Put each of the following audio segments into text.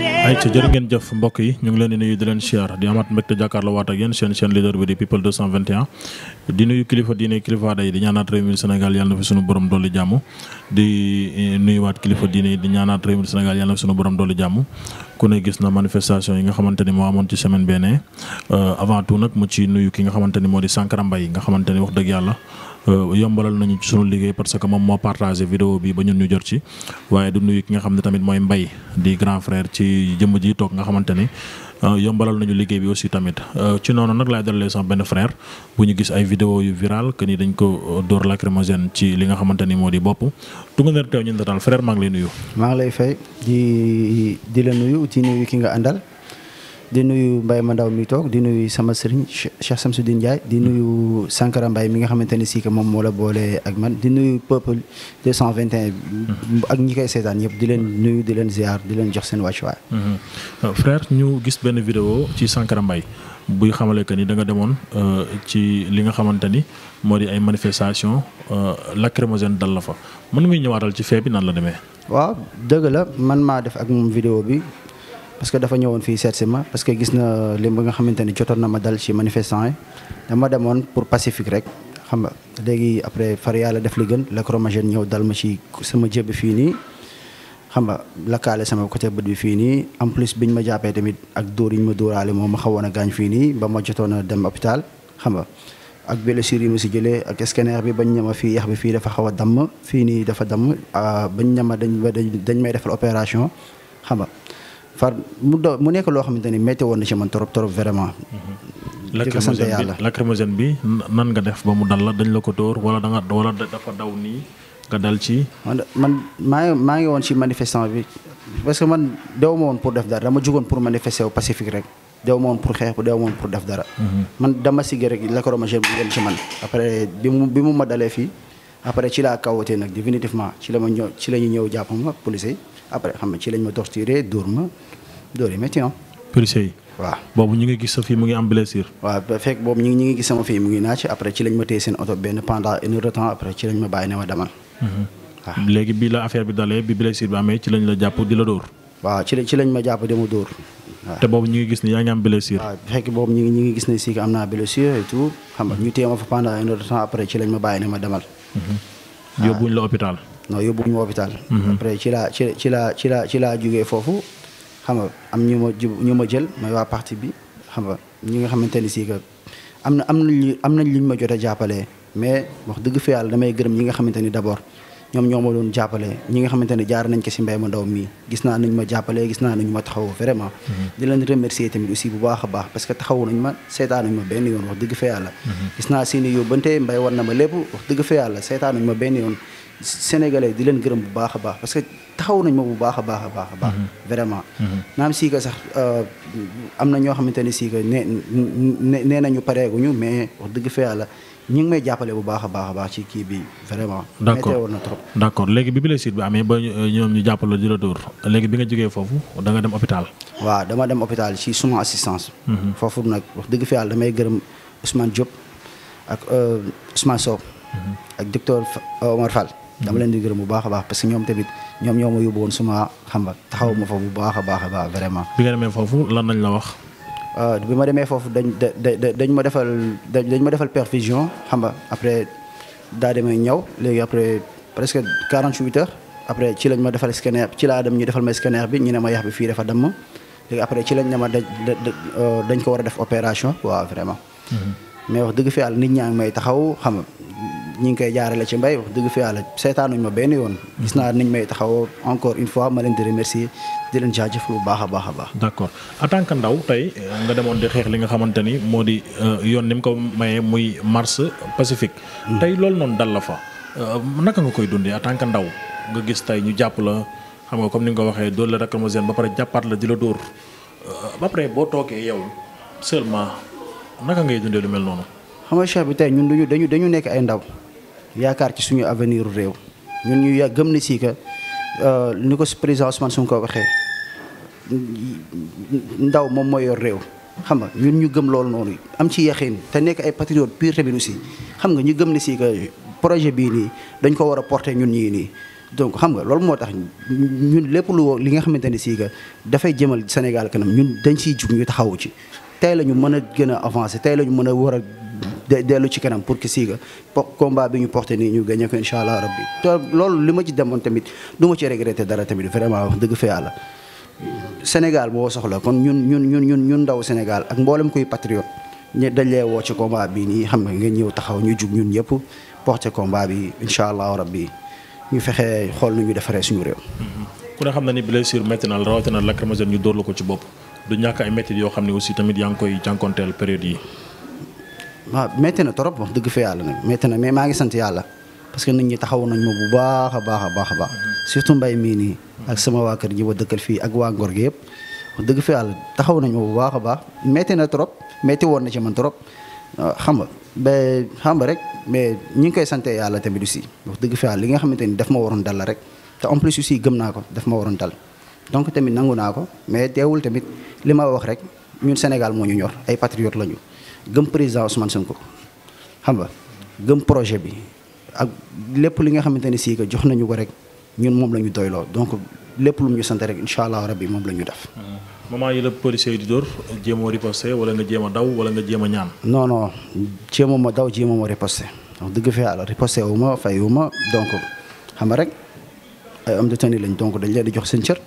ay ca jërë ngeen jëf mbokk yi ñu ngi leen di nuyu di leen siyaar di amaat mbégte jàkkaarloo waat ak yéen seen seen leader bi di people 221 di nuyu kilifa diine kilifa aada yi di ñaanaat réew mi Sénégal yàlla na fi sunu borom dolli jàmm di eh, nuyuwaat kilifa diine yi di ñaanaat réew mi Sénégal yàlla na fi sunu borom dolli jàmm ku ne gis na manifestation yi nga xamante ni moo amoon ci semaine benee euh, avant tout nag mu ci nuyu ki nga xamante ni moo di Sankara Mbaye nga xamante ni wax dëgg yàlla Euh, yombalal nañu ci sunu liggéey parce que moom moo partagé vidéo bi ba ñun ñu jot ci waaye du nuyu ki nga xam ne tamit mooy mbay di grand frère ci jëmm ji toog nga xamante euh, yombalal nañu liggéey bi aussi tamit euh, ci noonu nag laay dalalee sama benn frère bu ñu gis ay vidéo yu viral que ni dañ ko dóor lacrymogène ci li nga xamante ni moo di bopp Touganeur teew ñu ne daal frère maa lay nuyu. maa lay fay di di la nuyu ci nuyu ki nga àndal. di nuyu Mbaye ma ndaw mi toog di nuyu sama sëriñ Cheikh Samsudin Ndiaye di mm. nuyu Sankara Mbaye mi nga xamante ne si que moom moo la boole ak man di nuyu peuple 221 mm-hmm. ak ñi koy seetaan yëpp di leen mm-hmm. nuyu di leen ziar di leen jox seen wàccuwaay. Mm-hmm. Euh, frère ñu gis benn vidéo ci Sankara Mbaye buy xamale que ni da nga demoon euh, ci li nga xamante ni moo di ay manifestation euh, lacrymogène dal la fa mën nga ñëwaatal ci fee bi nan la demee. waaw dëgg la man maa def ak moom vidéo bi parce que dafa ñëwoon fii seet ma parce que gis na lim bi nga xamante ni jotoon na ma dal ci manifestant yi dama demoon pour pacifique rek xam nga léegi après far def li gën lacrymogène ñëw dal ma ci sama jébbi fii nii xam nga lakkaale sama côté bët bi fii nii en plus ma jàppee tamit ak dóor yi ma dóoraale moom ma xawoon a gaañ fii nii ba ma jotoon a dem hôpital xam nga ak blessure yi ma si jëlee ak scanner bi bañ ñama fii yax bi fii dafa xaw a damm fii nii dafa damm ah, bañ ñama dañ dañ may defal opération xam nga par mu do mu nekk loo xamante ni métti woon na ci man trop trop vraiment. Mhm. di ko sant yàlla lacrymogène bi nan nga def ba mu dal la dañ la ko dóor wala da nga wala dafa daw nii nga dal ci. man maa ngi maa ngi woon ci manifestant bi parce que man dew ma woon pour def dara dama jugoon pour manifester wu pacifique rek. dew ma woon pour xeex bu dew ma woon pour def dara. Mhm. man dama sigg rek lacrymogène bi ngeen ci man. après bi mu bi mu ma dalee fii après ci laa kawatee nag définitivement ci la ma ñëw ci la ñu ñëw jàpp ma police après xam nga ci lañ ma torturé dóor ma dóor yi métti ah. policier boobu ñu ngi gis sa fii mu ngi am blessure. waaw ba fekk boobu ñu ngi ñu ngi gis sama fii mu ngi naaj après ci lañ ma téye seen oto benn pendant une heure de temps après ci ne ma demal. Mhm. waaw la affaire bi la jàpp di la dóor. boobu ñu ngi gis ne boobu ñu ngi ñu ngi gis ne si am naa blessure et tout xam nga ñu téye ma fa pendant une heure de mhm. la hôpital. non yóbbuñu ma hôpital. Mhm. après ci laa ci ci laa ci laa ci laa jugee foofu xam nga am ñu ma ñu ma jël mooy waa parti bi xam nga ñi nga xamante ni si am na am nañ am nañ luñ ma jot a jàppalee mais wax dëgg fa yàlla damay gërëm ñi nga xamante ni d' abord ñoom ñoo ma doon jàppale ñi nga xamante ne jaar nañ ko si mbay ma ndaw mii gis naa nañ ma jàppale gis naa nañu ma taxaw vraiment mhm. di leen remercier tamit aussi bu baax a baax parce que taxaw nañ ma seetaanuñ benn yoon wax dëgg fa yàlla mhm. gis naa seeni yóbbante mbay war na ma lépp wax dëgg fa yàlla seetaanuñ ma benn yoon sénégalais di leen gërëm bu baax a baax parce que taxaw nañ ma bu baax a baax a a baax mhm. vraiment naam sii sax euh, am na ñoo xamante ne sii ka ne nee nañu pareeguñu mais wax dëgg fa ñu ngi may jàppale bu baax a baax a baax ci kii bi vraiment. d' accord météo woon na trop. d' léegi bi blessure bi amee ba euh, ñoom ñu jàppale di la léegi bi nga jógee foofu da nga dem hôpital. waaw dama dem hôpital ci suma assistance. Mhm. foofu nag wax dëgg fi yàlla damay gërëm Ousmane Diop ak euh, Ousmane Sow. Mhm. ak docteur euh, Omar Fall. dama mhm. leen di gërëm bu baax a baax parce que ñoom tamit ñoom ñoo ma yóbbu woon suma xam nga taxaw ma fa bu baax a baax a baax vraiment. bi nga demee foofu lan lañ la wax. Euh, bi ma demee foofu dañ da dañ ma defal dañ ma defal perfusion xam nga après daa demee ñëw léegi après presque 48 heures après ci lañ ma defal scanner ci laa dem ñu defal ma scanner bi ñu ne ma yax bi fii dafa damm léegi après ci lañ ne ma dañ euh, dañ ko war a def opération waa vraiment. Mhm. mais dëgg fi nit ñaa may taxaw xam ñu ngi koy jaarale ci mbay wax dëgg fi yàlla seetaanuñ ma benn yoon. gis naa niñ may taxaw encore une fois ma leen di remercier di leen jaajëfal bu baax a baax a baax. d' accord en ndaw tey nga demoon di xeex li nga xamante ni moo di euh, yoon ni mu ko mayee muy marche pacifique. Mm. tey loolu noonu dal la fa. Euh, naka nga koy dundee en tant ndaw nga gis tey ñu jàpp la xam nga comme ni nga ko waxee dóor la lacrymogène ba pare jàppaat la di la dóor euh, ba pare boo toogee yow seulement naka ngay dundee lu mel noonu. xam nga cheikh bi tey ñun duñu dañu dañu nekk ay ndaw yaakaar ci suñu avenir réew ñun ñu gëm ni si que euh, ni ko président Ousmane Sonko ko waxee ndaw moom mooy yor réew xam nga ñun ñu gëm loolu noonu am ci yaxin te nekk ay patriote pur tamit aussi xam nga ñu gëm ni siika que projet bii nii dañ ko war a porter ñun ñii nii donc xam nga loolu moo tax ñun lépp lu li nga xamante ni si que dafay jëmal Sénégal kanam ñun dañ siy jug ñu taxawu ci tey la ñu mën a gën a avancé tey la ñu mën a war a dellu ci kanam pour que Siga combat bi ñu porté nii ñu gagné ko incha allah rabbi te loolu li ma ci demoon tamit du ma ci regretté dara tamit vraiment wax dëgg fa yàlla. Sénégal boo soxla kon ñun ñun ñun ñun ñun ndaw Sénégal ak mboolem kuy patriote ñu dañ lay woo ci combat bi nii xam nga nga ñëw taxaw ñu jug ñun ñëpp porté combat bi incha allah rabbi ñu fexe xool nu ñu defaree suñu réew. ku ne xam na ni blessure métti na la rawatina lacrymogène ñu dóor la ko ci bopp. du ñàkk ay métti yoo xam ne aussi tamit yaa ngi koy jànkonteel période yi. waaw métti na trop wax dëgg fa yàlla nag métti na mais maa ngi sant yàlla parce que nit ñi taxaw nañ ma bu baax a baax a baax a baax surtout mbay mii nii ak sama waa kër ñi ma dëkkal fii ak waa Ngor gi yëpp wax dëgg fa yàlla taxaw nañ ma bu baax a baax métti na trop métti woon na ci man trop xam nga ba xam rek mais ñi ngi koy sante yàlla tamit aussi wax dëgg fa yàlla li nga xamante ni daf ma waroon dal la rek te en plus gëm naa ko daf ma waroon dal. donc tamit nangu naa ko mais teewul tamit li ma wax rek ñun Sénégal moo ñu ñor ay patriotes lañu gëm président Ousmane ko xam nga gëm projet bi ak lépp li nga xamante ne sii jox nañu ko rek ñun moom la ñu doyloo donc lépp lu mu ñu sant rek incha allah rabbi moom la ñu def. Euh, moment yi la policier yi di dóor jéem a riposté wala nga jéem a daw wala nga jéem a ñaan. non non jéem a ma daw jéem a ma riposté donc dëgg fa yàlla riposté wu ma fay wu ma donc xam nga rek ay homme de lañ donc dañ leen di jox seen cër.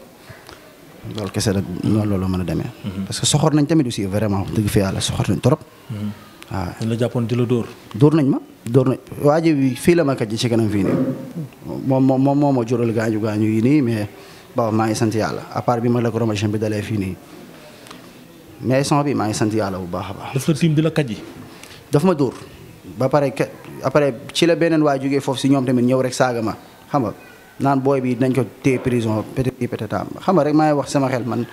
loolu kese rek noonu loolu mën a demee. Mhm. parce que soxor nañ tamit aussi vraiment wax dëgg fi yàlla soxor nañ trop. waaw mhm. ah. la jàppoon di la dóor. dóor nañ ma dóor nañ waa ji fii la ma kat ji ci kanam fii nii moom moom moom moo ma jural gaañu gaañu yi nii mais bon maa ngi sant yàlla à part bi ma la ko romachine bi dalee fii nii mais son bi maa ngi sant yàlla bu baax a baax. daf la la kat ji. daf ma dóor ba pare après ci la beneen waa jógee foofu si ñoom tamit ñëw rek saaga ma xam nga. naan booy bi nañ ko téye prison peut-être peut xam nga rek maa wax sama xel man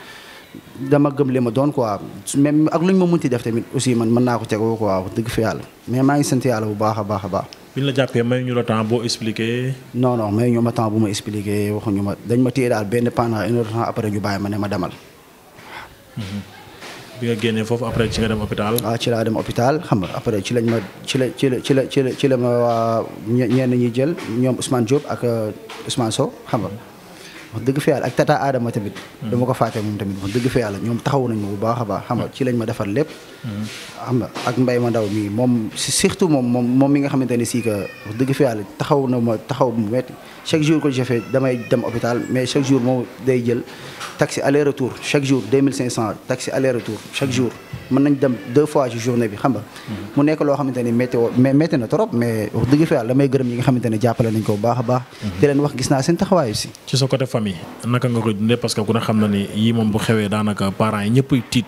dama gëm li ma doon quoi même ak lu ñu ma munti def tamit aussi man mën naa ko tegoo quoi dëgg fa yàlla mais maa ngi sant yàlla bu baax a baax a baax. bi ñu la jàppee may ñu la temps boo expliqué. non non may ñu ma temps bu ma expliqué waxuñu ma dañ ma téye daal benn pendant une heure temps après ñu bàyyi ma ne ma demal. Mhm. bi nga génnee foofu après ci nga dem hôpital. waaw ah, ci laa dem hôpital xam nga après ci lañ ma ci la ci la ci la ci la ci la ma waa ñenn ñi jël ñoom Ousmane Diop ak euh, Ousmane Sow xam nga wax dëgg fa yàlla ak tata Adama tamit. Hmm. dama ko fàtte moom tamit wax dëgg fa ñoom taxawu nañ ma bu baax a baax. ci lañ ma defar lépp. xam na ak mbay ma ndaw mii moom surtout moom moom moom mi nga xamante ne sii wax dëgg fi yàlla taxaw na ma taxaw mu metti chaque jour que je fais damay dem hôpital mais chaque jour moom day jël taxi aller retour chaque jour 2500 taxi aller retour chaque jour mën nañ dem deux fois ci journée bi xam nga. mu nekk loo xamante ne métti mais métti na trop mais wax dëgg fi yàlla damay gërëm ñi nga xamante ne jàppale nañ ko baax a baax. di leen wax gis naa seen taxawaay aussi. ci sa côté famille naka nga ko dundee parce que ku ne xam na ni yii moom bu xewee daanaka parents yi ñëpp tiit.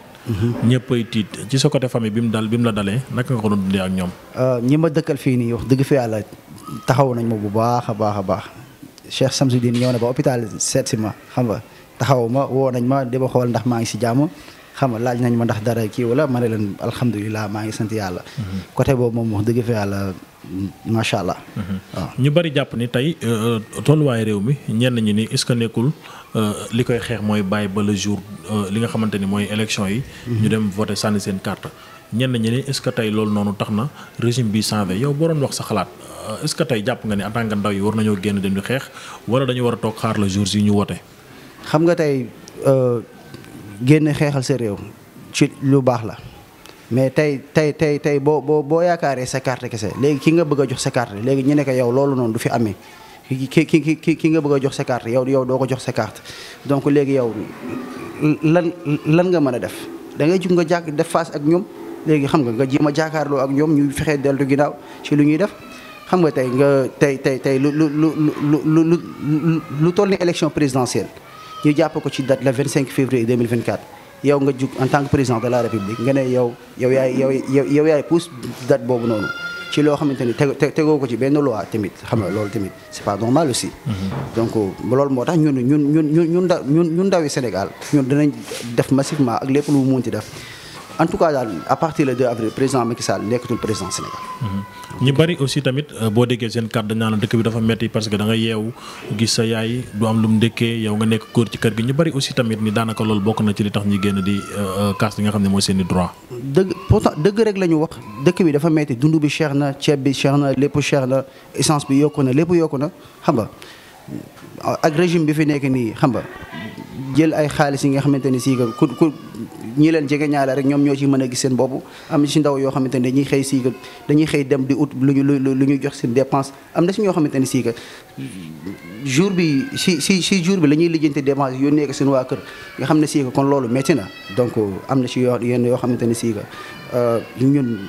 ñëpp ay tiit ci sa côté famille bi mu dal bi mu la dalee naka nga ko doon dundee ak ñoom. Euh, ñi ma dëkkal fii nii wax dëgg fi yàlla taxaw nañ ma bu baax a baax a baax Cheikh Samsudine ñëw na ba hôpital seet si ma xam nga taxaw ma woo nañ ma di ma ndax maa ngi si jàmm xam nga laaj nañ ma ndax dara kii wala ma ne leen alhamdulilah maa ngi sant yàlla. Mhm. côté boobu moom wax dëgg fi yàlla. macha allah. Mhm. waaw ñu bari jàpp ni tey euh, tolluwaayu réew mi ñenn ñi ni est-ce nekkul Euh, li koy xeex mooy bàyyi ba le jour euh, li nga xamante ni mooy élection yi. Mhm. ñu dem voté sànni seen carte. ñenn ñi ne est-ce que tey loolu noonu tax na régime bi changé yow boo doon wax sa xalaat euh, est-ce tey jàpp nga ni en tant que ndaw yi war nañoo génn dem di xeex wala dañu war a toog xaar le jour yi ñu wote. xam nga tey génn xeexal sa réew ci lu baax la mais tey tey tey tey boo boo boo yaakaaree sa carte kese léegi ki nga bëgg a jox sa carte léegi ñu nekk ko yow loolu noonu du fi amee. ki ki ki ki nga bëgg a jox sa carte yow yow doo ko jox sa carte donc léegi yow lan lan nga mën a def da ngay jug nga jàkk def face ak ñoom léegi xam nga nga jéem a jàkkaarloo ak ñoom ñu fexe deltu ginnaaw ci lu ñuy def xam nga tey nga tey tey tey lu lu lu lu lu lu toll ni élection présidentielle ñu jàpp ko ci date le 25 février 2024 yow nga jug en tant que président de la république nga ne yow yow yaay yow yow yaay pousse date boobu noonu ci loo xamante ni te tegoo ko ci benn loi tamit xam nga loolu tamit c'est pas normal aussi. Mm-hmm. donc loolu moo tax ñun ñun ñun ñun ñun ñun ndawi Sénégal ñun dinañ def massivement ak lépp lu mu munti def. en tout cas daal à partir le 2 avril président Macky nekkatul président Sénégal. ñu bari aussi tamit euh, boo déggee seen kàddu la dëkk bi dafa metti que da nga yeewu sa yaay du am mu dëkkee yow nga nekk góor ci kër gi ñu bari aussi tamit ni daanaka loolu bokk na ci li tax ñu génn di euh, euh, kaas li nga xam ne mooy seen i droit. dëgg rek la ñu wax dëkk bi dafa metti dund bi cher na ceeb bi cher na lépp cher na essence bi yokku na lépp yokku na xam nga. ak régime bi fi nekk nii xam nga jël ay xaalis yi nga xamante ni sii ku ku ñi leen jege ñaale rek ñoom ñoo ci mën a gis seen bopp am ci yoo xamante ni dañuy xëy sii dañuy xëy dem di ut lu ñu lu ñu jox seen dépense am na si ñoo xamante ni sii jour bi si si si jour bi la ñuy lijjanti dépense yónnee nekk seen waa kër nga xam ne sii kon loolu métti na donc am na si yoo yenn yoo xamante ni sii euh, ñun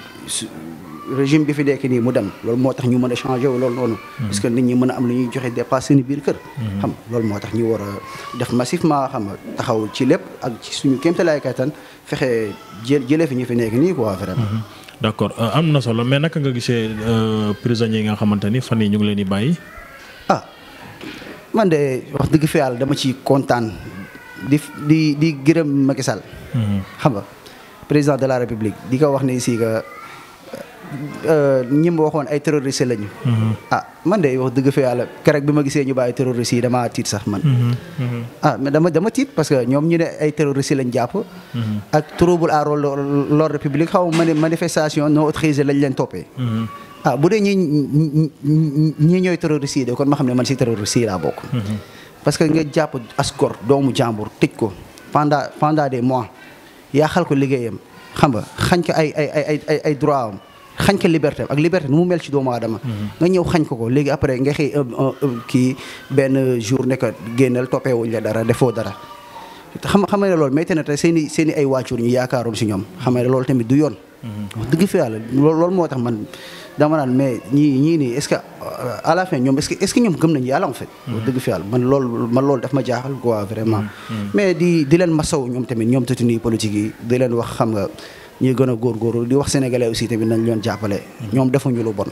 régime bi fi nekk nii mu dem loolu moo tax ñu mën a changé wu loolu noonu mm-hmm. parce que nit ñi mën a am lu ñuy joxe dépasse seen biir kër mm-hmm. xam loolu moo tax ñu war a def massivement xam taxaw ci lépp ak ci suñu kéemtalaay kattan fexe jël fi ñu fi nekk nii quoi vraiment mm-hmm. d' accord euh, am na solo mais naka nga gisee euh, prisonniers yi nga xamante ni fan yi ñu ngi leen di bàyyi ah man de wax dëgg fi yàlla dama ci kontaan di di di gërëm Macky Sall xam président de la république di ko wax ne si que Euh, ñi ma waxoon ay terroriste lañu. Mm-hmm. a ah, man de wax dëgg fa yàlla keroog bi ma gisee ñu bàyyi terroriste yi damaa tiit sax man. Mm-hmm. Mm-hmm. ah mais dama dama tiit parce que ñoom ñu ne ay terroriste lañ jàpp. ak trouble à l'ordre public xaw ma ne manifestation non autorisée lañ leen toppee. Ah, bu dee ñi ñooy terroriste de kon ma xam ne man si terroriste yi laa nga jàpp askor doomu jàmbur tëj ko pendant pendant mois yaa xal ko liggéeyam xam xañ ko ay droit am. xañ ko liberté ak liberté nu mu mel ci doomu aadama mm-hmm. nga ñëw xañ ko ko léegi après nga xëy euh, euh, euh, kii benn jour ne ko génnal toppee wuñ la dara defoo dara xam xam ne loolu métti na tey seen ay waajur ñu yaakaaroon si ñoom xam ne loolu tamit du yoon mm-hmm. wax dëgg fi yàlla loolu moo tax man dama naan mais ñii ñii nii est-ce que à ñoom est-ce que est-ce yàlla en fait mm-hmm. fi yàlla man loolu man loolu daf ma jaaxal quoi vraiment mais di di leen ma masaw ñoom tamit ñoom tatuni politique yi di leen wax xam nga ñuy gën a góorgóorlu di wax sénégalais aussi tamit nañ leen jàppale. ñoom defuñu lu bon.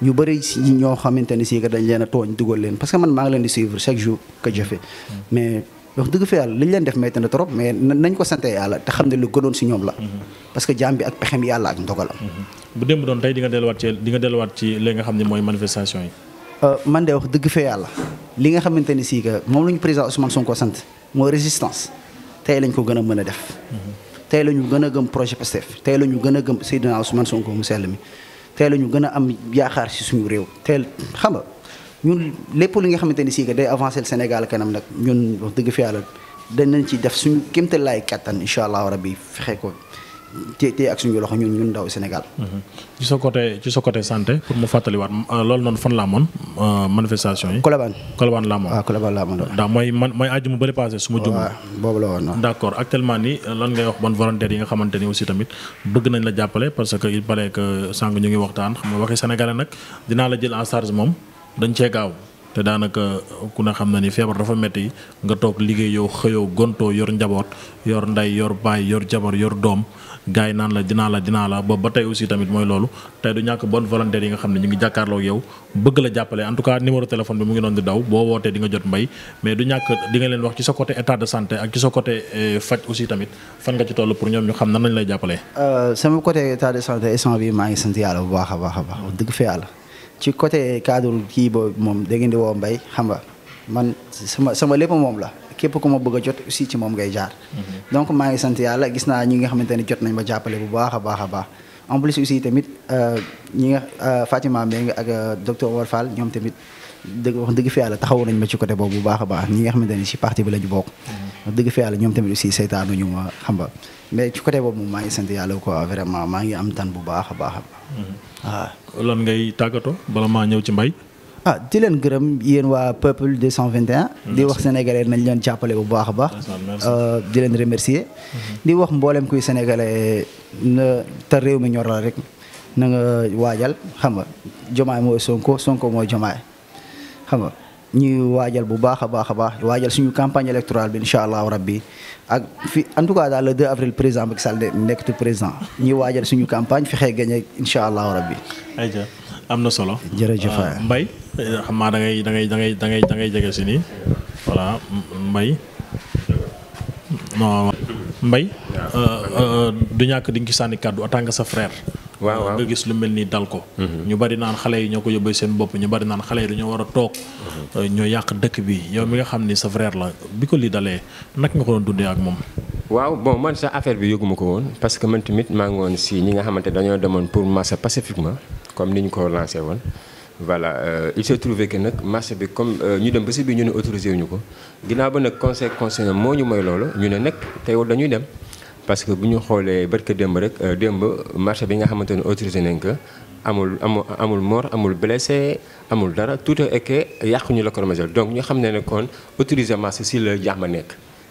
ñu bari ñoo xamante ni si que dañ leen a tooñ dugal leen parce que man maa ngi leen di suivre chaque jour que je fais mais wax dëgg fa yàlla li ñu leen def métti na trop sante yàlla te xam ne lu gënoon si ñoom la. parce que jaam bi ak pexem yàlla ak ndogalam. tey di nga delluwaat ci di nga delluwaat ci li nga ne mooy manifestation euh, man de wax dëgg fa li nga xamante ni si moom la ñu président Ousmane Sonko sant mooy résistance tey lañ ko gën a mën a def tey la ñu gën a gëm projet PASTEF tey la ñu gën a gëm Seydina Ousmane Sonko mu sell mi tey la ñu gën a am yaakaar si suñu réew tey xam nga ñun lépp li nga xamante ni sii que day avancer le Sénégal kanam nag ñun wax dëgg fi yàlla danañ ci def suñu kéemtalaay kattan incha allah rabbi fexe ko téye téye ak suñu loxo ñun ñun ndaw Sénégal. Mhm. ci sa côté ci sa côté santé pour mu fàttaliwaat euh, loolu noonu fan laa amoon euh, manifestation yi. Colobane Colobane laa ah, ndax mooy man mooy àjjuma bëri passé su ma jum. boobu la woon d' accord actuellement nii euh, lan ngay wax bon volontaire yi nga xamante ni aussi tamit bëgg nañ la jàppale parce que il paraît que sànq ñu ngi waxtaan xam nga waxi sénégalais nag dinaa la jël en charge moom dañ cee gaaw. te daanaka ku ne xam na ni feebar dafa metti nga toog liggéey yow xëyoo gontoo yor njaboot yor ndey yor baay yor jabar yor doom gars yi naan la dinaa la dinaa la ba ba tey aussi tamit mooy loolu tey du ñàkk bonne volonté yi nga xam ne ñu ngi jàkkaarloo yow bëgg la jàppale en tout cas numéro téléphone bi mu ngi doon di daw boo wootee di nga jot mbay mais du ñàkk di leen wax ci sa côté état de santé ak ci sa côté eh, faj aussi tamit fan nga ci toll pour ñoom ñu xam nan lañ lay jàppalee. Euh, sama côté maa ngi sant yàlla bu baax baax a baax dëgg fa yàlla ci côté cadre kii boobu moom da di woo mbay xam nga man sama sama lépp moom la képp ku ma bëgg a jot aussi ci moom ngay jaar. Mhm. donc maa ngi sant yàlla gis naa ñi nga xamante ne jot nañ ma jàppale bu baax a baax a baax en plus aussi tamit euh, ñi nga euh, Fatima Mbengue ak euh, docteur Omar Fall ñoom tamit. dëgg wax dëgg fi yàlla taxaw nañ ma ci côté boobu baax a baax ñi xamante ne si parti la ñu bokk wax dëgg fi yàlla ñoom tamit aussi saytaanu ñu ma xam nga mais ci côté boobu maa ngi sant yàlla quoi vraiment maa ngi am tan bu baax a baax mm-hmm. waaw lan ngay tàggatoo bala maa ñëw ci mbay ah di leen gërëm yéen waa peuple 221. di wax sénégalais nañ leen jàppale bu baax a baax. Euh, di leen remercier. Mm-hmm. di wax mboolem kuy sénégalais na te réew mi ñor la rek na nga waajal xam nga jomaay mooy sonko sonko mooy jomaay. xam nga ñuy waajal bu baax a baax a baax waajal suñu campagne électorale bi incha allahu bi ak fi en tout cas daal le 2 avril président Macky Sall nekk président ñuy waajal suñu campagne fexee gagné incha allahu rabbi. ayca am na solo. jërëjëf euh, Mbaye xam naa da ngay da ngay da ngay da ngay jege si nii voilà Mbaye non euh, euh, du ñàkk di nga ci sànni kàddu en tant que sa frère. waaw waaw nga gis lu mel ni dal ko. Mhm. ñu bari naan xale yi ñoo ko yóbbee seen bopp ñu bari naan xale yi dañoo war a toog. Mhm. Euh, ñoo yàq dëkk bi yow mi nga xam ni sa frère la bi ko lii dalee naka nga ko doon ak moom. waaw bon man sa affaire bi yëguma ko woon parce que man tamit maa ngi si ñi nga xamante dañoo demoon pour marche pacifiquement comme ni ñu ko lancé woon. voilà euh, il nag marché bi comme euh, ñu dem ba si biir ñu ne autorisé wuñu ko ginnaaw ba nag conseil conseil moo ñu mooy loolu ñu ne nag tey dañuy dem. parce que bu ñu xoolee barke démb rek euh, démb marché bi nga xamante ne autorisé nañ ko amul amul amul mort amul blessé amul dara tout est que yàquñu la Coromagel donc ñu xam ne ne kon autorisé marché si la jaax ma nekk.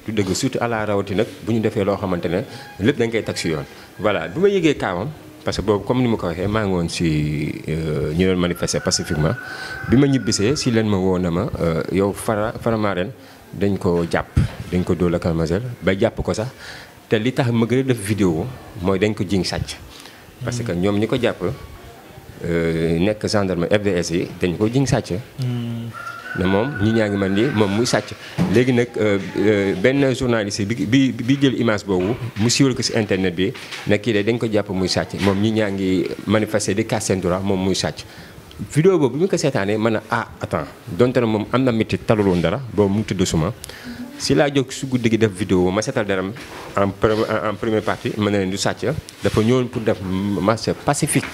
du dëgg surtout à la rawati bu ñu defee loo xamante ne lépp da nga koy tag si yoon voilà bu ma yëgee kaawam parce que boobu comme ni ma ko waxee maa ngi woon si euh, ñu doon manifester pacifiquement bi ma ñibbisee si leen ma woo ma euh, yow fara faramaaren dañ ko jàpp dañ ko dóol la Coromagel jàpp ko sax. te li tax ma gën def vidéo mooy dañ ko jiñ sàcc. parce que ñoom ñi ko jàpp euh, nekk gendarme FDS yi dañ ko jiñ sàcc. Hmm. ne moom ñi ñaa ngi man ni moom muy sàcc léegi nag euh, euh, benn journaliste bi bi bi jël image boobu mu siiwal ko si internet bi ne kii de dañ ko jàpp muy sàcc moom ñii ñaa ngi manifester di casse seen droit moom muy sàcc. vidéo boobu bi ñu ko seetaanee mën a ah attends donte ne moom am na métti talul woon dara boobu mu tudd suma si laa jóg su guddi gi def vidéo ma seetal deram en en première partie ma ne leen du sàcc dafa ñëwoon pour def marche pacifique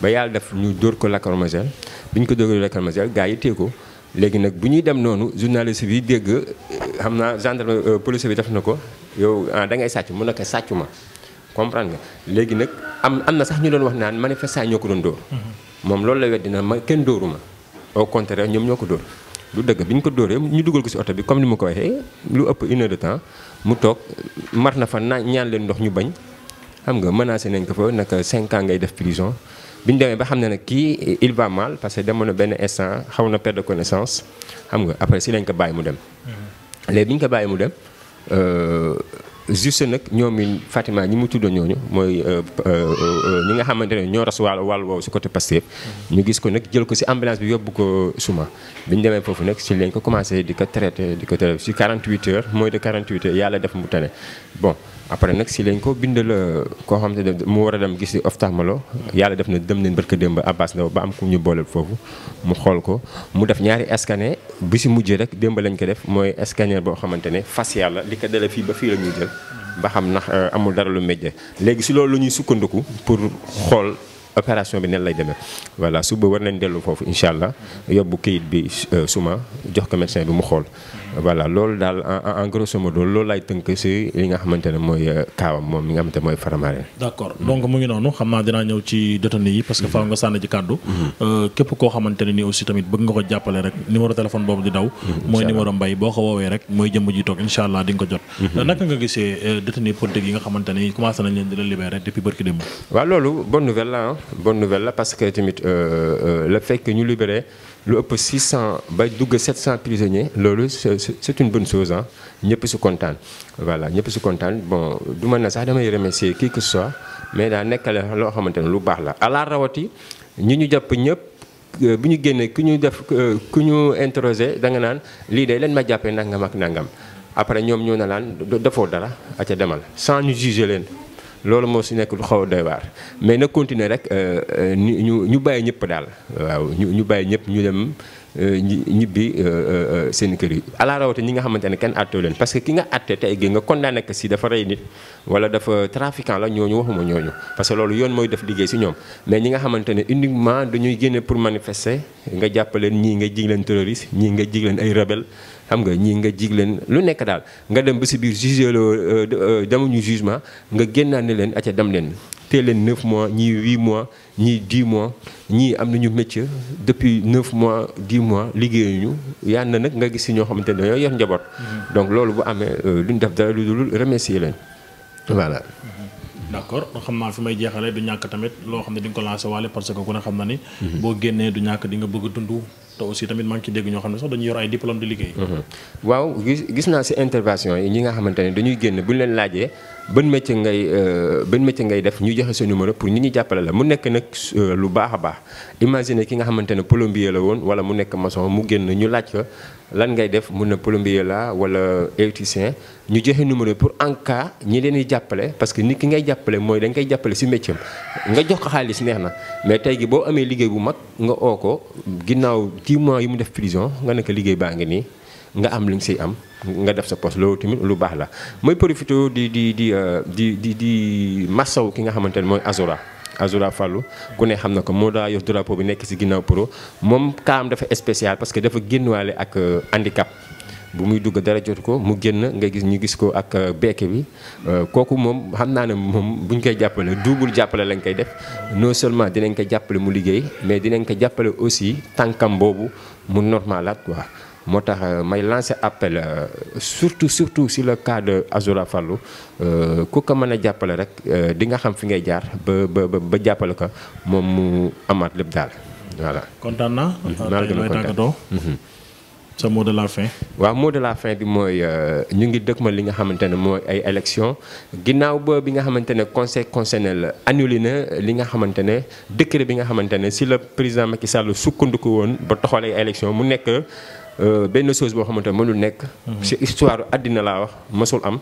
ba yàlla def ñu dóor ko lacrymogène bi ñu ko dóoree lacrymogène gars yi téye ko léegi nag bu ñuy dem noonu journaliste bi dégg euh, xam naa gendarme euh, police bi def na ko yow ah, da ngay sàcc mun ne ko sàccu ma comprendre nga léegi nag am am na sax ñu doon wax naan manifestant ñoo ko doon dóor mhm. moom loolu la weddi na ma kenn dóoru ma au contraire ñoom ñoo ko dóor du dëgg bi ñu ko dóoree ñu dugal ko ci oto bi comme ni ma ko waxee lu ëpp une de temps mu toog mar na fa naan ñaan leen ndox ñu bañ xam nga menacé nañ ko fa naka 5 ans ngay def prison bi ñu demee ba xam ne nag kii il va mal parce que demoon benn instant xaw na perte de connaissance xam nga après si lañ ko bàyyi mu dem. Mhm. léegi bi ñu ko bàyyi mu dem. Euh, juste nag ñoom it Fatima ñi mu tudd ñooñu mooy euh, euh, euh, ñi nga xamante ne ñoo ras wàllu wàllu woowu si côté Pastef mm-hmm. ñu gis ko nag jël ko si ambulance bi yóbbu ko suma bi ñu demee foofu nag si lañ ko commencé di ko traité di ko traité si 48 heures mooy de 48 heures yàlla def mu tane bon. après nag si lañ ko bindal euh, koo xam ne mu war a dem gis ophtalmolo yàlla def na dem nañ barka démb Abbas Ndao ba am ku ñu booleel foofu mu xool ko mu def ñaari scanner bi si mujjee rek démb lañ ko def mooy scanner boo xamante ne fas yàlla li ko dale fii ba fii la ñuy jël ba xam na euh, amul dara lu méjje léegi si loolu la ñuy sukkandiku pour xool opération bi nen lay demee voilà ba war nañ dellu foofu incha allah yóbbu kayit bi euh, suma jox ko médecin bi mu xool voilà loolu daal en grosso modo loolu laay tënk si li nga xamante ne mooy euh, kaawam moom mi nga am ne mooy Faramareen. d' accord donc mu ngi noonu xam naa dinaa ñëw ci détenu yi parce que faaw nga sànni ci kàddu. Mhm. Euh, képp koo xamante ne aussi tamit bëgg nga ko jàppale rek numéro téléphone boobu di daw. Mhm, mooy numéro mbay boo ko woowee rek mooy jëmm ji toog incha allah di ko jot. Mhm. Euh, naka nga gisee détenu politique yi nga xamante ne commencé nañ leen la libérer depuis barki démb. waaw loolu bonne nouvelle la ah bonne la parce que tamit le fait que ñu libéré lu ëpp 600 bay dugg 700 c'est une bonne chose ñëpp si kontaan voilà ñëpp si kontaan bon du ma ne sax damay remercier qui que ce soit mais daa nekk la loo xamante ne lu baax la ala rawati ñi ñu jàpp ñëpp euh, bu ñu génnee ku ñu def euh, ku ñu interroger da nga naan lii de leen ma jàppee nangam ak nangam après ñoom ñoo na laan defoo dara aca demal sans ñu juger leen loolu moo si nekk lu xaw a doy waar mais na continuer rek euh, ñu ñu bàyyi ñëpp daal waaw ñu ñu bàyyi ñëpp ñu dem Euh, ñibbi euh, euh, seen kër yi ala rawatina ñi nga xamante ne kenn àttewu leen parce que ki nga àtte tey gi nga condamné ko si dafa rey nit wala dafa trafiquant la ñooñu waxuma ñooñu parce que loolu yoon mooy def liggéey si ñoom mais ñi nga xamante ne uniquement dañuy génne pour manifester nga jàppaleen ñii nga jig leen terroriste ñii nga jig leen ay rebelle xam nga ñii nga jig leen lu nekk daal nga dem ba si biir jugé loo euh, euh, demuñu jugement nga génnaan ne leen acca dem leen te leen 9 mois ñii 8 mois ñii di mois ñii am na ñu métier depuis 9 mois 10 mois liggéeyuñu yaan na nag nga gis si ñoo xamante ne dañoo yor njaboot mhm. donc loolu bu amee euh, duñ def dara lu dul remercier leen voilà mhm. d' accord xam naa fi may jeexale du ñàkk tamit loo xam ne di ko lancé waale parce que ku ne xam na ni mhm. boo génnee du ñàkk di nga bëgg dund te aussi tamit maa ngi dégg ñoo xam ne sax dañuy yor ay diplôme di liggéey. waaw gis gis naa si intervention yi ñi nga xamante ne dañuy génn bu ñu leen laajee ban métier ngay euh, ban métier ngay def ñu joxe sa numéro pour nit ñi jàppale la mu nekk nag euh, lu baax a baax imagine ki nga xamante ne polombier la woon wala mu nekk maçon mu génn ñu laaj ko lan ngay def mun na polombier la wala électricien ñu joxe numéro pour en ñi leen di jàppale parce que nit ki ngay jàppale mooy dañ koy jàppale si métier nga jox ko xaalis neex na mais tey gi boo amee liggéey bu mag nga oo ko ginnaaw 10 mois yi mu def prison nga nekk liggéey baa ngi nii nga am li nga siy am nga def sa poste loolu tamit lu baax la mooy profité di di di euh, di di di massaw ki nga xamante ne mooy Azora Azura Fallou ku ne xam na ko moo daa yor drapeau bi nekk ci ginnaaw pour moom am dafa spécial parce que dafa génn waale ak euh, handicap bu muy dugg dara jot ko mu génn nga gis ñu gis ko ak euh, beeke bi kooku moom xam naa ne moom bu ñu koy jàppale double jàppale lañ koy def non seulement dinañ ko jàppale mu liggéey mais dinañ ko jàppale aussi tànkam boobu mu normalaat quoi moo tax euh, may lancer appel euh, surtout surtout si le cas de Azoura Fallou euh, ku ko mën a jàppale rek di nga xam fi ngay jaar ba ba ba jàppale ko moom mu amaat lépp daal voilà. kontaan naa. Mhm. a kontaan mhm. sa mot de la fin. waaw mot de la fin bi mooy ñu ngi dëkk ma li nga xamante ne mooy ay élection ginnaaw ba bi nga xamante ne conseil constitutionnel annulé na li nga xamante ne décret bi nga xamante ne si le président Macky Sall sukkandiku woon ba toxalee ay élection mu nekk. Euh, benn chose boo xamante mënul nekk. ci mhm. histoire àddina laa wax mësul am.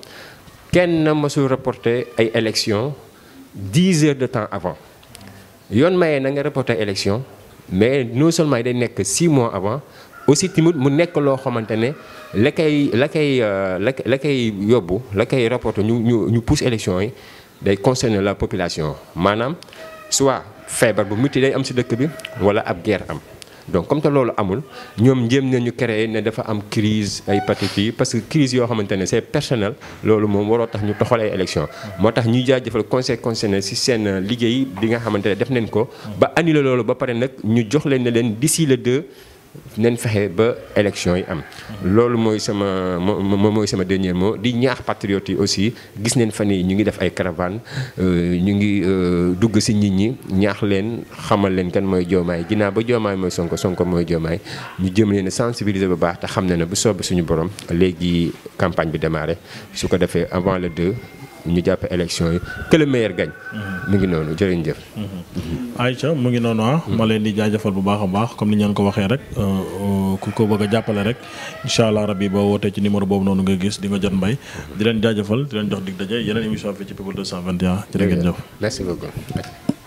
kenn mësul reporter ay élections dix heures de temps avant yoon mayee na nga reporter élection mais non seulement day nekk six mois avant aussi timut mu nekk loo xamante ne la koy la koy euh, la koy yóbbu la koy reporter ñu ñu ñu pousse élection yi day concerner la population maanaam soit feebar bu metti day am si dëkk bi walla ab guerre am. donc comme que loolu amul ñoom njéem nañu créer ne dafa am crise ay patati parce que crise yoo xamante ne c'est personnel loolu moom waroo tax ñu toxal ay élection moo tax ñuy jaajëfal conseil concerné si seen liggéey bi nga xamante ne def nañ ko ba annuler loolu ba pare nag ñu jox leen ne leen d'ici le 2 nañ fexe ba élection yi am. loolu mooy sama moom mooy sama dernier moo di ñaax patriotes yi aussi gis neen fan yi ñu ngi def ay caravane euh, ñu ngi euh, dugg si nit ñi ñaax leen xamal leen kan mooy joomaay ginnaaw ba joomaay mooy sonk sonko mooy joomaay ñu jëm leen a sensibiliser bu baax te xam na bu soob suñu borom léegi campagne bi démarré su ko defee avant le 2. ñu jàpp élection yi que le meilleur gagne. Mhm. mu ngi noonu jërëjëf. Mhm. Aïcha mu ngi noonu ah. Mhm. ma leen di jaajëfal bu baax a baax comme ni ñu leen ko waxee rek euh, euh, ku ko bëgg a jàppale rek incha allah rabi boo wootee ci numéro boobu noonu nga gis di nga jot mbay di leen jaajëfal di leen jox dig daje yeneen émission fii ci People 221 jërë ngeen jëf. merci beaucoup.